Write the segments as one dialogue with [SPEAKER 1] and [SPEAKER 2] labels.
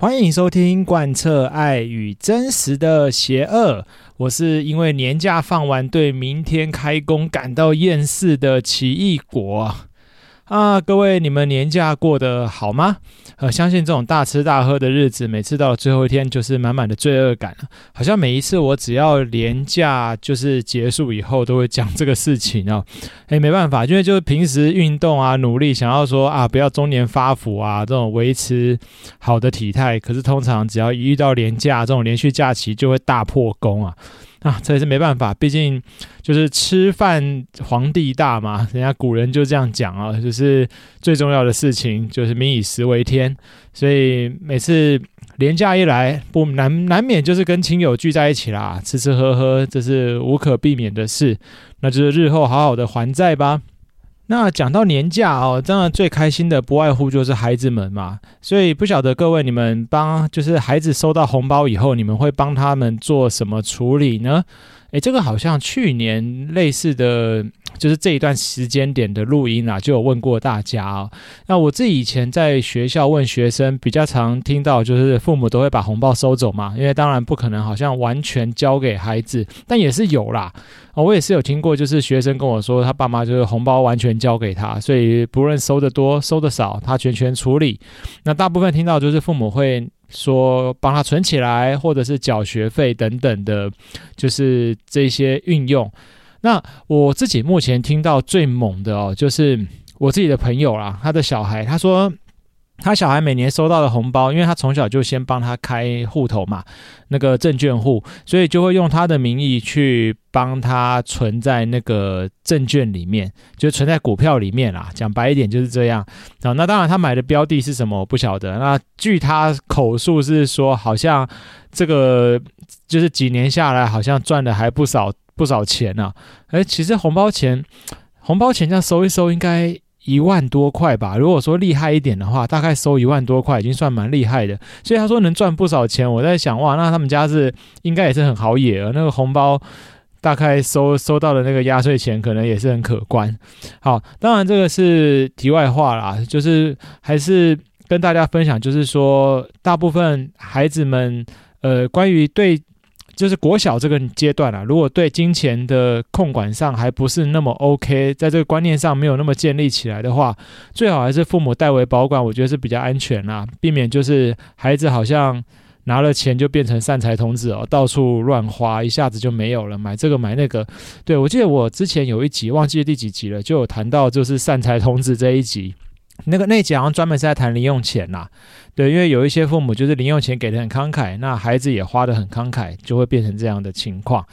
[SPEAKER 1] 歡迎收聽《貫徹愛與真實的邪惡》。我是因為年假放完，對明天開工感到厭世的奇異果。啊，各位，你們年假過得好嗎？呃，相信這種大吃大喝的日子，每次到最後一天就是滿滿的罪惡感。好像每一次我只要年假就是結束以後，都會講這個事情哦、啊，誒、欸，沒辦法，因為就是平時運動啊，努力想要說啊，不要中年發福啊，這種維持好的體態。可是通常只要一遇到年假這種連續假期，就會大破功啊。啊，這也是沒辦法，畢竟就是吃飯皇帝大嘛，人家古人就這樣講啊，就是最重要的事情就是民以食為天，所以每次年假一來，不難難免就是跟親友聚在一起啦，吃吃喝喝，這是無可避免的事，那就是日後好好的還債吧。那講到年假哦，真的最開心的不外乎就是孩子們嘛，所以不曉得各位你們幫就是孩子收到紅包以後，你們會幫他們做什麼處理呢？誒，這個好像去年類似的就是這一段時間點的錄音啊，就有問過大家哦。那我自己以前在學校問學生，比較常聽到就是父母都會把紅包收走嘛，因為當然不可能好像完全交給孩子，但也是有啦。哦，我也是有聽過，就是學生跟我說他爸媽就是紅包完全交給他，所以不論收的多收的少，他全權處理。那大部分聽到就是父母會。說幫他存起來，或者是繳學費等等的，就是這些運用。那我自己目前聽到最猛的哦，就是我自己的朋友啦，他的小孩，他說。他小孩每年收到的紅包，因為他從小就先幫他開戶頭嘛，那個證券戶，所以就會用他的名義去幫他存在那個證券裡面，就存在股票裡面啦。講白一點就是這樣。啊。那當然他買的標的是什麼，我不曉得。那據他口述是說，好像這個就是幾年下來，好像賺的還不少不少錢呢、錢啊。誒、欸、其實紅包錢，紅包錢這樣收一收，應該。一萬多塊吧，如果說厲害一點的話，大概收一萬多塊已經算蠻厲害的。所以他說能賺不少錢，我在想哇，那他們家是應該也是很好野了。那個紅包大概收收到的那個壓歲錢，可能也是很可觀。好，當然這個是題外話啦，就是還是跟大家分享，就是說大部分孩子們呃，關於對。就是國小這個階段啊，如果對金錢的控管上還不是那麼 OK，在這個觀念上沒有那麼建立起來的話，最好還是父母代為保管，我覺得是比較安全啦、啊，避免就是孩子好像拿了錢就變成散財童子哦，到處亂花，一下子就沒有了，買這個買那個。對，我記得我之前有一集忘記第幾集了，就有談到就是散財童子這一集。那個那集好像專門是在談零用錢啦、啊，對，因為有一些父母就是零用錢給的很慷慨，那孩子也花得很慷慨，就會變成這樣的情況。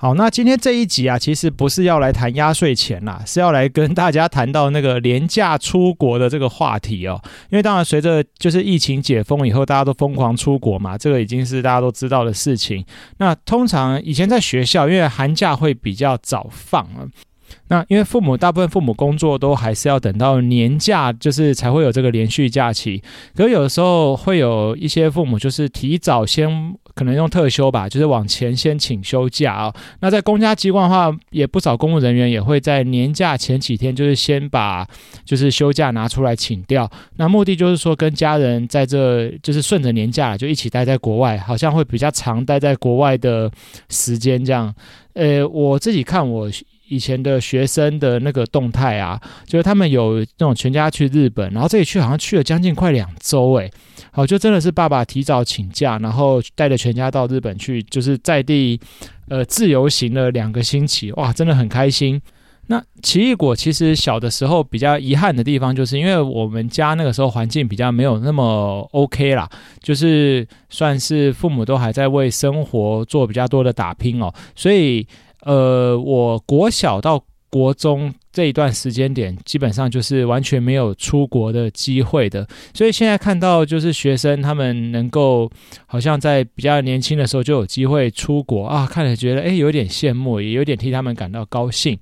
[SPEAKER 1] 好，那今天這一集啊，其實不是要來談壓歲錢啦、啊，是要來跟大家談到那個連假出國的這個話題哦。因為當然隨着就是疫情解封以後，大家都瘋狂出國嘛，這個已經是大家都知道的事情。那通常以前在學校，因為寒假會比較早放啊。那因為父母，大部分父母工作都還是要等到年假，就是才會有這個連續假期。可是有時候會有一些父母就是提早先可能用特休吧，就是往前先請休假啊、哦。那在公家機關的話，也不少公務人員也會在年假前幾天，就是先把就是休假拿出來請掉。那目的就是說跟家人在這就是順着年假就一起待在國外，好像會比較常待在國外的時間這樣。呃，我自己看我。以前的學生的那個動態啊，就是他們有那種全家去日本，然後這一去好像去了將近快兩週，誒，好，就真的是爸爸提早請假，然後帶着全家到日本去，就是在地呃自由行了兩個星期，哇，真的很開心。那奇異果其實小的時候比較遺憾的地方，就是因為我們家那個時候環境比較沒有那麼 OK 啦，就是算是父母都還在為生活做比較多的打拼哦，所以。呃，我國小到國中，這一段時間點基本上就是完全沒有出國的機會的，所以現在看到就是學生他們能夠好像在比較年輕的時候就有機會出國啊，看着覺得誒、欸，有點羨慕，也有點替他們感到高興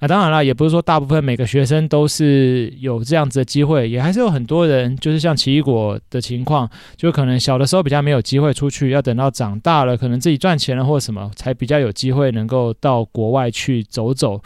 [SPEAKER 1] 啊。當然了，也不是說大部分每個學生都是有這樣子的機會，也還是有很多人就是像奇異果的情況，就可能小的時候比較沒有機會出去，要等到長大了，可能自己賺錢了或者什麼，才比較有機會能夠到國外去走走。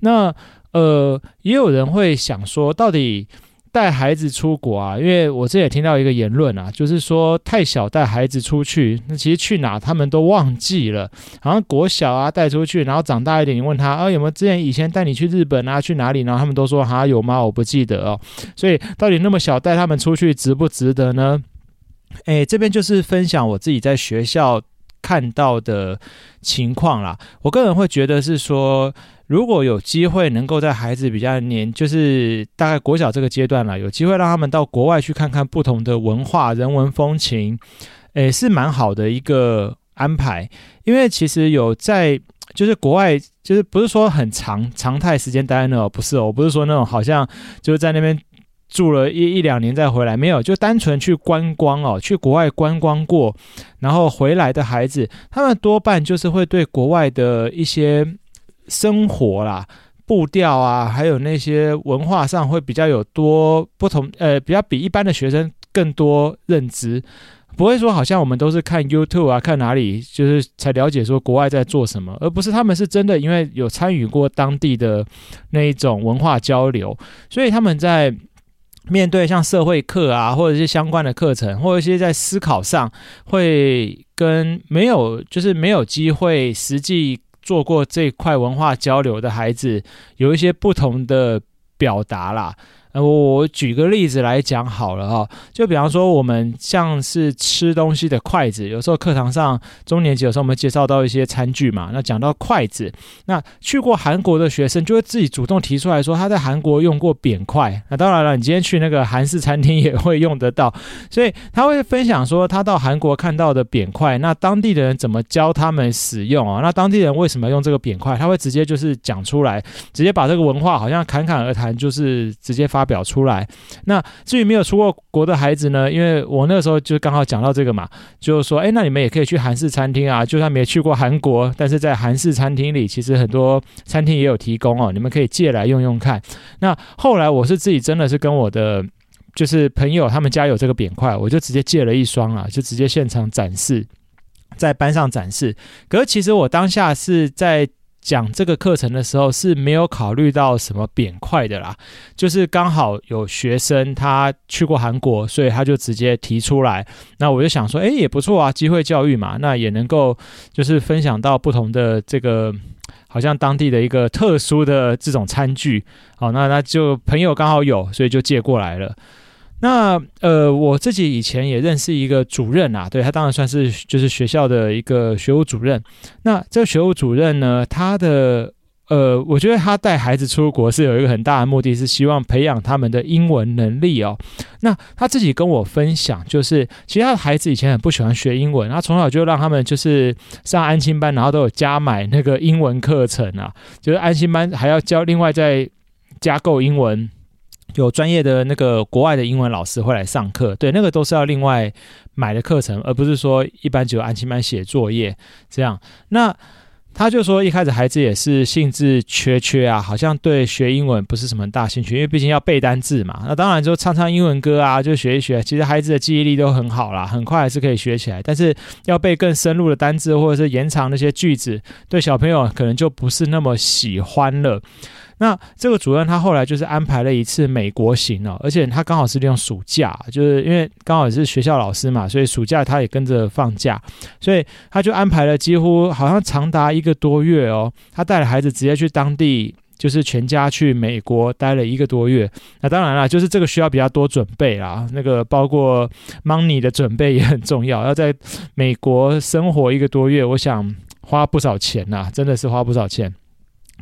[SPEAKER 1] 那呃，也有人會想說，到底帶孩子出國啊？因為我這也聽到一個言論啊，就是說太小帶孩子出去，那其實去哪他們都忘記了，好像國小啊帶出去，然後長大一點，你問他，啊，有沒有之前以前帶你去日本啊，去哪裡？然後他們都說，哈、啊，有嗎？我不記得哦。所以到底那麼小帶他們出去，值不值得呢？誒，這邊就是分享我自己在學校看到的情況啦。我個人會覺得是說，如果有機會能夠在孩子比較年，就是大概國小這個階段啦，有機會讓他們到國外去看看不同的文化、人文風情，誒，是蠻好的一個安排。因為其實有在，就是國外，就是不是說很長常態時間待在那，不是哦，我不是說那種好像就是在那邊住了一一兩年再回來，沒有，就單純去觀光哦，去國外觀光過，然後回來的孩子，他們多半就是會對國外的一些。生活啦，步調啊，還有那些文化上會比較有多不同，呃，比較比一般的學生更多認知，不會說好像我們都是看 YouTube 啊，看哪裡就是才了解說國外在做什麼，而不是他們是真的因為有參與過當地的那一種文化交流，所以他們在面對像社會課啊，或者是相關的課程，或者一些在思考上會跟沒有就是沒有機會實際。做過這塊文化交流的孩子，有一些不同的表達啦。呃，我舉個例子來講好了哈、哦，就比方說我們像是吃東西的筷子，有時候課堂上中年級，有時候我們介紹到一些餐具嘛，那講到筷子，那去過韓國的學生就會自己主動提出來說他在韓國用過扁筷，那當然了，你今天去那個韓式餐廳也會用得到，所以他會分享說他到韓國看到的扁筷，那當地的人怎麼教他們使用啊？那當地人為什麼用這個扁筷？他會直接就是講出來，直接把這個文化好像侃侃而談，就是直接發。發表出來。那至於沒有出過國的孩子呢？因為我那時候就剛好講到這個嘛，就是說，哎、欸，那你們也可以去韓式餐廳啊。就算沒去過韓國，但是在韓式餐廳裡，其實很多餐廳也有提供哦。你們可以借來用用看。那後來我是自己真的是跟我的就是朋友，他們家有這個扁筷，我就直接借了一雙啊，就直接現場展示，在班上展示。可是其實我當下是在。講這個課程的時候是沒有考慮到什麼扁筷的啦，就是剛好有學生他去過韓國，所以他就直接提出來。那我就想說，誒，也不錯啊，機會教育嘛，那也能夠就是分享到不同的這個，好像當地的一個特殊的這種餐具。好、哦，那那就朋友剛好有，所以就借過來了。那呃，我自己以前也認識一個主任啊，對，他當然算是就是學校的一個學務主任。那這個學務主任呢，他的呃，我覺得他帶孩子出國是有一個很大的目的，是希望培養他們的英文能力哦。那他自己跟我分享，就是其實他的孩子以前很不喜歡學英文，他從小就讓他們就是上安親班，然後都有加買那個英文課程啊，就是安親班還要教另外再加購英文。有專業的那個國外的英文老師會來上課，對，那個都是要另外買的課程，而不是說一般只有安親班寫作業這樣。那他就說，一開始孩子也是興致缺缺啊，好像對學英文不是什麼大興趣，因為畢竟要背單字嘛。那當然就唱唱英文歌啊，就學一學，其實孩子的記憶力都很好啦，很快還是可以學起來。但是要背更深入的單字或者是延長那些句子，對小朋友可能就不是那麼喜歡了。那這個主任他後來就是安排了一次美國行哦，而且他剛好是利用暑假，就是因為剛好也是學校老師嘛，所以暑假他也跟着放假，所以他就安排了幾乎好像長達一個多月哦，他帶着孩子直接去當地，就是全家去美國待了一個多月。那當然了，就是這個需要比較多準備啦，那個包括 money 的準備也很重要。要在美國生活一個多月，我想花不少錢吶，真的是花不少錢。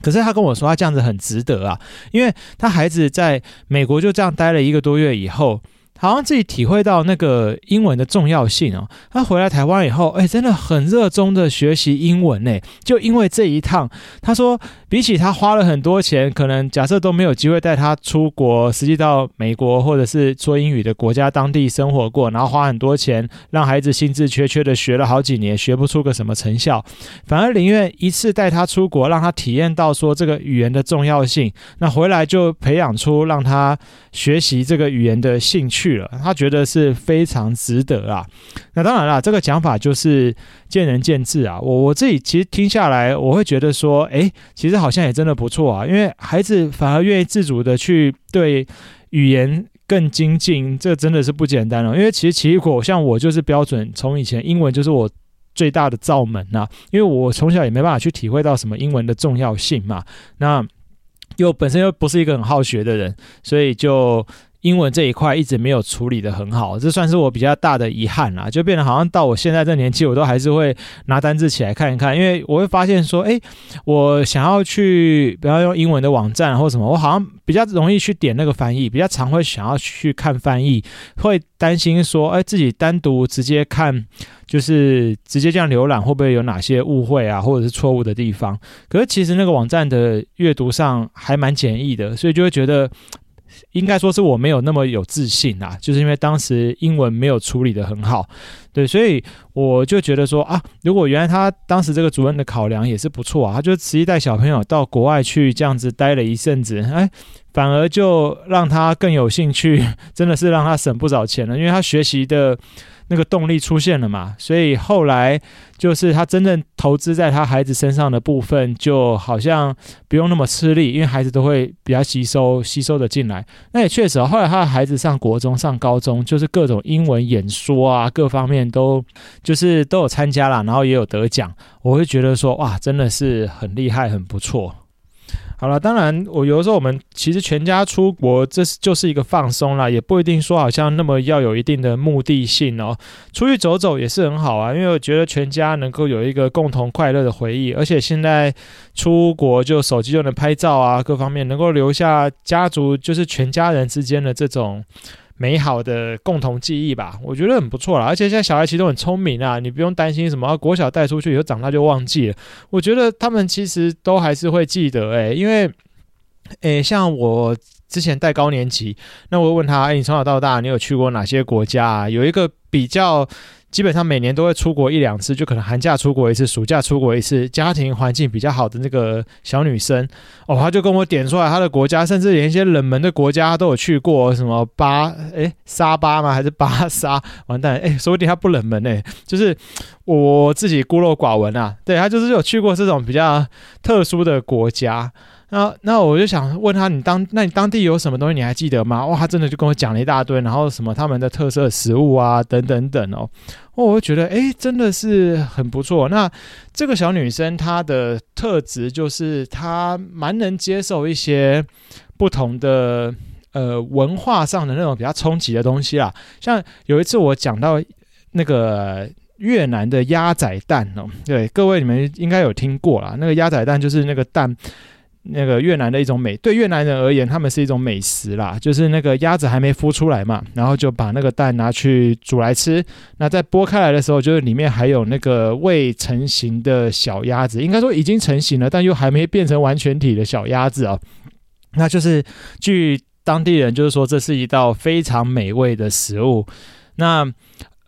[SPEAKER 1] 可是他跟我說他這樣子很值得啊，因為他孩子在美國就這樣待了一個多月以後。好像自己體會到那個英文的重要性哦。他回來台灣以後，哎，真的很熱衷的學習英文嘞。就因為這一趟，他說比起他花了很多錢，可能假設都沒有機會帶他出國，實際到美國或者是說英語的國家當地生活過，然後花很多錢讓孩子興致缺缺的學了好幾年，學不出個什麼成效，反而寧願一次帶他出國，讓他體驗到說這個語言的重要性，那回來就培養出讓他學習這個語言的興趣。去了，他覺得是非常值得啊。那當然啦，這個講法就是見仁見智啊。我我自己其實聽下來，我會覺得說，誒，其實好像也真的不錯啊。因為孩子反而願意自主地去對語言更精進，這真的是不簡單了啊。因為其實奇異果像我就是標準，從以前英文就是我最大的罩門吶啊。因為我從小也沒辦法去體會到什麼英文的重要性嘛。那又本身又不是一個很好學的人，所以就。英文這一塊一直沒有處理得很好，這算是我比較大的遺憾啦、啊。就變得好像到我現在這年紀，我都還是會拿單字起來看一看，因為我會發現說，哎、欸，我想要去，不要用英文的網站或什麼，我好像比較容易去點那個翻譯，比較常會想要去看翻譯，會擔心說，哎、欸，自己單獨直接看，就是直接這樣瀏覽會不會有哪些誤會啊，或者是錯誤的地方？可是其實那個網站的閱讀上還蠻簡易的，所以就會覺得。應該說是我沒有那麼有自信啊，就是因為當時英文沒有處理得很好，對，所以我就覺得說啊，如果原來他當時這個主任的考量也是不錯啊，他就持續帶小朋友到國外去這樣子待了一陣子，哎，反而就讓他更有興趣，真的是讓他省不少錢了，因為他學習的。那個動力出現了嘛，所以後來就是他真正投資在他孩子身上的部分，就好像不用那麼吃力，因為孩子都會比較吸收，吸收的進來。那也確實，後來他的孩子上國中、上高中，就是各種英文演說啊，各方面都就是都有參加啦，然後也有得獎。我會覺得說哇，真的是很厲害，很不錯。好了，當然，我有的時候我們其實全家出國，這就是一個放鬆啦。也不一定說好像那麼要有一定的目的性哦。出去走走也是很好啊，因為我覺得全家能夠有一個共同快樂的回憶，而且現在出國就手機就能拍照啊，各方面能夠留下家族就是全家人之間的這種，美好的共同記憶吧，我覺得很不錯啦。而且現在小孩其實都很聰明啊，你不用擔心什麼、啊、國小帶出去以後長大就忘記了。我覺得他們其實都還是會記得、欸，誒，因為，誒、欸，像我。之前帶高年級，那我問他：哎、欸，你從小到大你有去過哪些國家啊？有一個比較，基本上每年都會出國一兩次，就可能寒假出國一次，暑假出國一次。家庭環境比較好的那個小女生，哦，她就跟我點出來她的國家，甚至連一些冷門的國家都有去過，什麼巴誒、欸、沙巴嗎？還是巴沙？完蛋，誒、欸，說不定她不冷門呢、欸。就是我自己孤陋寡聞啊。對，她就是有去過這種比較特殊的國家。那那我就想問他，你當那你當地有什麼東西你還記得嗎？哇、哦，他真的就跟我講了一大堆，然後什麼他們的特色食物啊，等等等哦，哦我就覺得誒、欸，真的是很不錯。那這個小女生她的特質就是她蠻能接受一些不同的呃文化上的那種比較衝擊的東西啊。像有一次我講到那個越南的鴨仔蛋哦，對，各位你們應該有聽過啦，那個鴨仔蛋就是那個蛋。那個越南的一種美，對越南人而言，他們是一種美食啦，就是那個鴨子還沒孵出來嘛，然後就把那個蛋拿去煮來吃，那在剝開來的時候，就是裡面還有那個未成型的小鴨子，應該說已經成型了，但又還沒變成完全體的小鴨子啊，那就是據當地人就是說，這是一道非常美味的食物，那。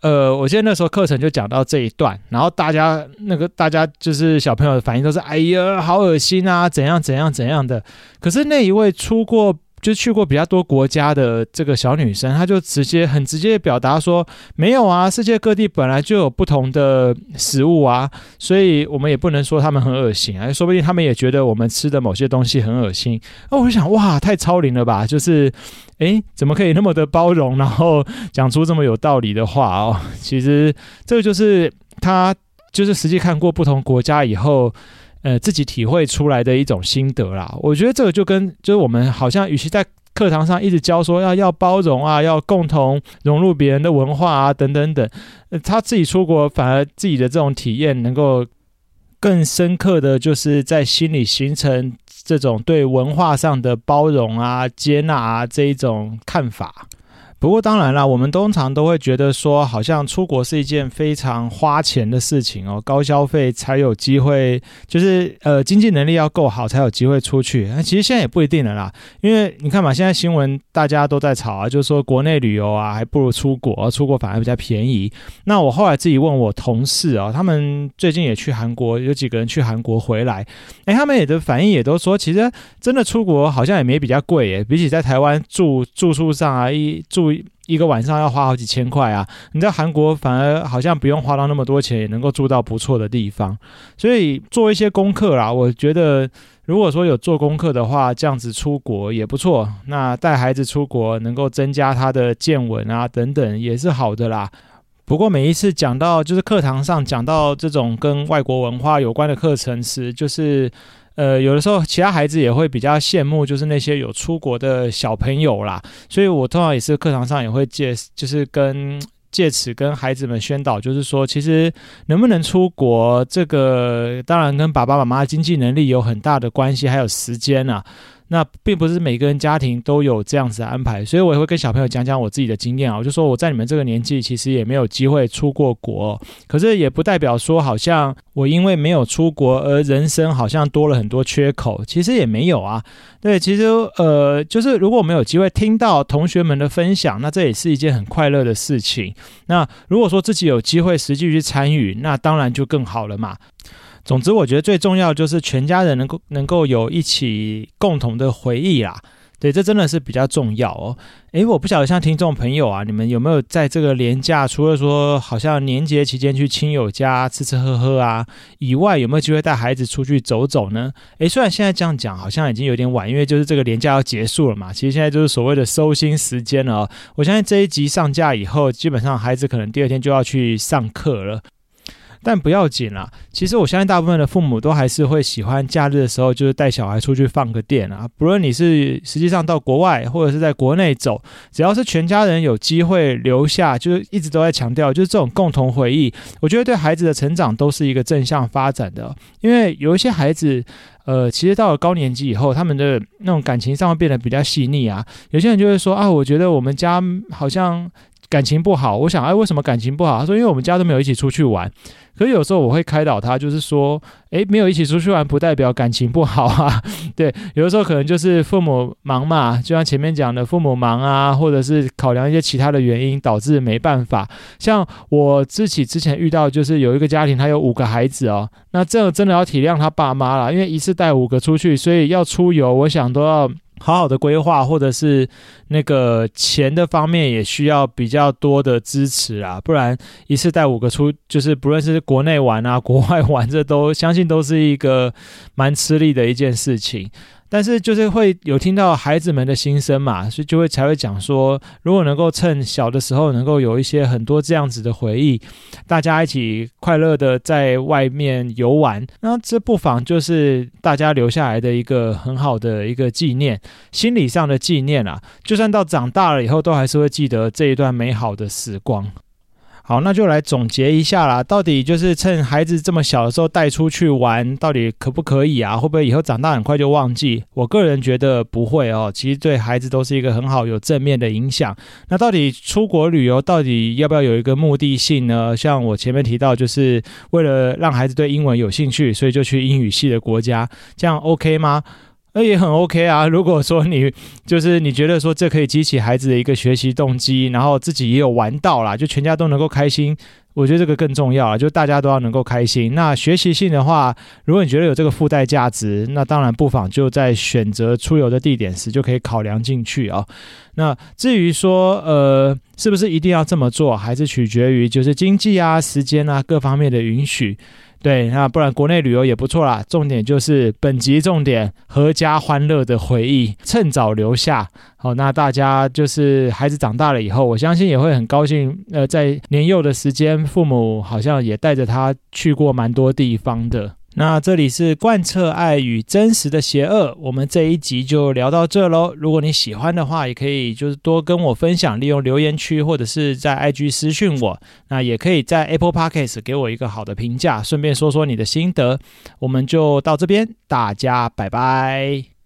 [SPEAKER 1] 呃，我記得那時候課程就講到這一段，然後大家那個大家就是小朋友的反應都是，哎呀，好噁心啊，怎樣怎樣怎樣的。可是那一位出過。就去過比較多國家的這個小女生，她就直接很直接表達說：“沒有啊，世界各地本來就有不同的食物啊，所以我們也不能說他們很惡心、啊，說不定他們也覺得我們吃的某些東西很惡心。”哦，那我就想，哇，太超齡了吧！就是，誒、欸，怎麼可以那麼的包容，然後講出這麼有道理的話哦？其實這個就是她，就是實際看過不同國家以後。呃，自己體會出來的一種心得啦。我覺得這個就跟就是我們好像，與其在課堂上一直教說要要包容啊，要共同融入別人的文化啊，等等等，呃，他自己出國，反而自己的這種體驗，能夠更深刻的就是在心裡形成這種對文化上的包容啊、接納啊這一種看法。不過當然啦，我們通常都會覺得說，好像出國是一件非常花錢的事情哦，高消費才有機會，就是呃，經濟能力要夠好才有機會出去。那、呃、其實現在也不一定了啦，因為你看嘛，現在新聞大家都在吵啊，就是說國內旅遊啊，還不如出國，啊、出國反而比較便宜。那我後來自己問我同事啊，他們最近也去韓國，有幾個人去韓國回來，哎，他們也都反應也都說，其實真的出國好像也沒比較貴耶，比起在台灣住住宿上啊，一住。一個晚上要花好幾千塊啊！你在韓國反而好像不用花到那麼多錢，也能夠住到不錯的地方。所以做一些功課啦，我覺得如果說有做功課的話，這樣子出國也不錯。那帶孩子出國，能夠增加他的見聞啊，等等也是好的啦。不過每一次講到就是課堂上講到這種跟外國文化有關的課程時，就是。呃，有的時候其他孩子也會比較羨慕，就是那些有出國的小朋友啦。所以我通常也是課堂上也會借，就是跟借此跟孩子們宣導，就是說，其實能不能出國，這個當然跟爸爸媽媽的經濟能力有很大的關係，還有時間啊。那並不是每個人家庭都有這樣子的安排，所以我也會跟小朋友講講我自己的經驗啊。我就說我在你們這個年紀，其實也沒有機會出過國，可是也不代表說好像我因為沒有出國而人生好像多了很多缺口，其實也沒有啊。對，其實呃，就是如果我們有機會聽到同學們的分享，那這也是一件很快樂的事情。那如果說自己有機會實際去參與，那當然就更好了嘛。總之，我覺得最重要就是全家人能夠能夠有一起共同的回憶啦，對，這真的是比較重要哦。誒，我不曉得像聽眾朋友啊，你們有沒有在這個年假，除了說好像年節期間去親友家吃吃喝喝啊以外，有沒有機會帶孩子出去走走呢？誒，雖然現在這樣講好像已經有點晚，因為就是這個年假要結束了嘛。其實現在就是所謂的收心時間了哦。我相信這一集上架以後，基本上孩子可能第二天就要去上課了。但不要緊啦、啊，其實我相信大部分的父母都還是會喜歡假日的時候，就是帶小孩出去放個電啊。不論你是實際上到國外，或者是在國內走，只要是全家人有機會留下，就是一直都在強調，就是這種共同回憶，我覺得對孩子的成長都是一個正向發展的。因為有一些孩子，呃，其實到了高年級以後，他們的那種感情上會變得比較細膩啊。有些人就會說啊，我覺得我們家好像。感情不好，我想哎，為什麼感情不好？他說因為我們家都沒有一起出去玩。可是有時候我會開導他，就是說，哎，沒有一起出去玩，不代表感情不好啊。對，有的時候可能就是父母忙嘛，就像前面講的，父母忙啊，或者是考量一些其他的原因導致沒辦法。像我自己之前遇到，就是有一個家庭，他有五個孩子哦，那這個真的要體諒他爸媽啦，因為一次帶五個出去，所以要出遊，我想都要好好的規劃，或者是那個錢的方面也需要比較多的支持啊，不然一次帶五個出，就是不論是國內玩啊、國外玩，這都，相信都是一個蠻吃力的一件事情。但是就是會有聽到孩子們的心聲嘛，所以就會才會講說，如果能夠趁小的時候能夠有一些很多這樣子的回憶，大家一起快樂的在外面遊玩，那這不妨就是大家留下來的一個很好的一個紀念，心理上的紀念啊。就算到長大了以後，都還是會記得這一段美好的時光。好，那就來總結一下啦。到底就是趁孩子這麼小的時候帶出去玩，到底可不可以啊？會不會以後長大很快就忘記？我個人覺得不會哦。其實對孩子都是一個很好、有正面的影響。那到底出國旅遊到底要不要有一個目的性呢？像我前面提到，就是為了讓孩子對英文有興趣，所以就去英語系的國家，這樣 OK 嗎？那也很 OK 啊。如果說你就是你覺得說這可以激起孩子的一個學習動機，然後自己也有玩到啦,就全家都能夠開心，我覺得這個更重要啊。就大家都要能夠開心。那學習性的話，如果你覺得有這個附帶價值，那當然不妨就在選擇出遊的地點時就可以考量進去啊、哦。那至於說呃是不是一定要這麼做，還是取決於就是經濟啊、時間啊各方面的允許。對，那不然國內旅遊也不錯啦。重點就是本集重點，闔家歡樂的回憶，趁早留下。好，哦，那大家就是孩子長大了以後，我相信也會很高興。呃，在年幼的時間，父母好像也帶着他去過蠻多地方的。那這裡是貫徹愛與真實的邪惡，我們這一集就聊到這嘍。如果你喜歡的話，也可以就是多跟我分享，利用留言區或者是在 IG 私訊我。那也可以在 Apple Podcasts 給我一個好的評價，順便說說你的心得。我們就到這邊，大家拜拜。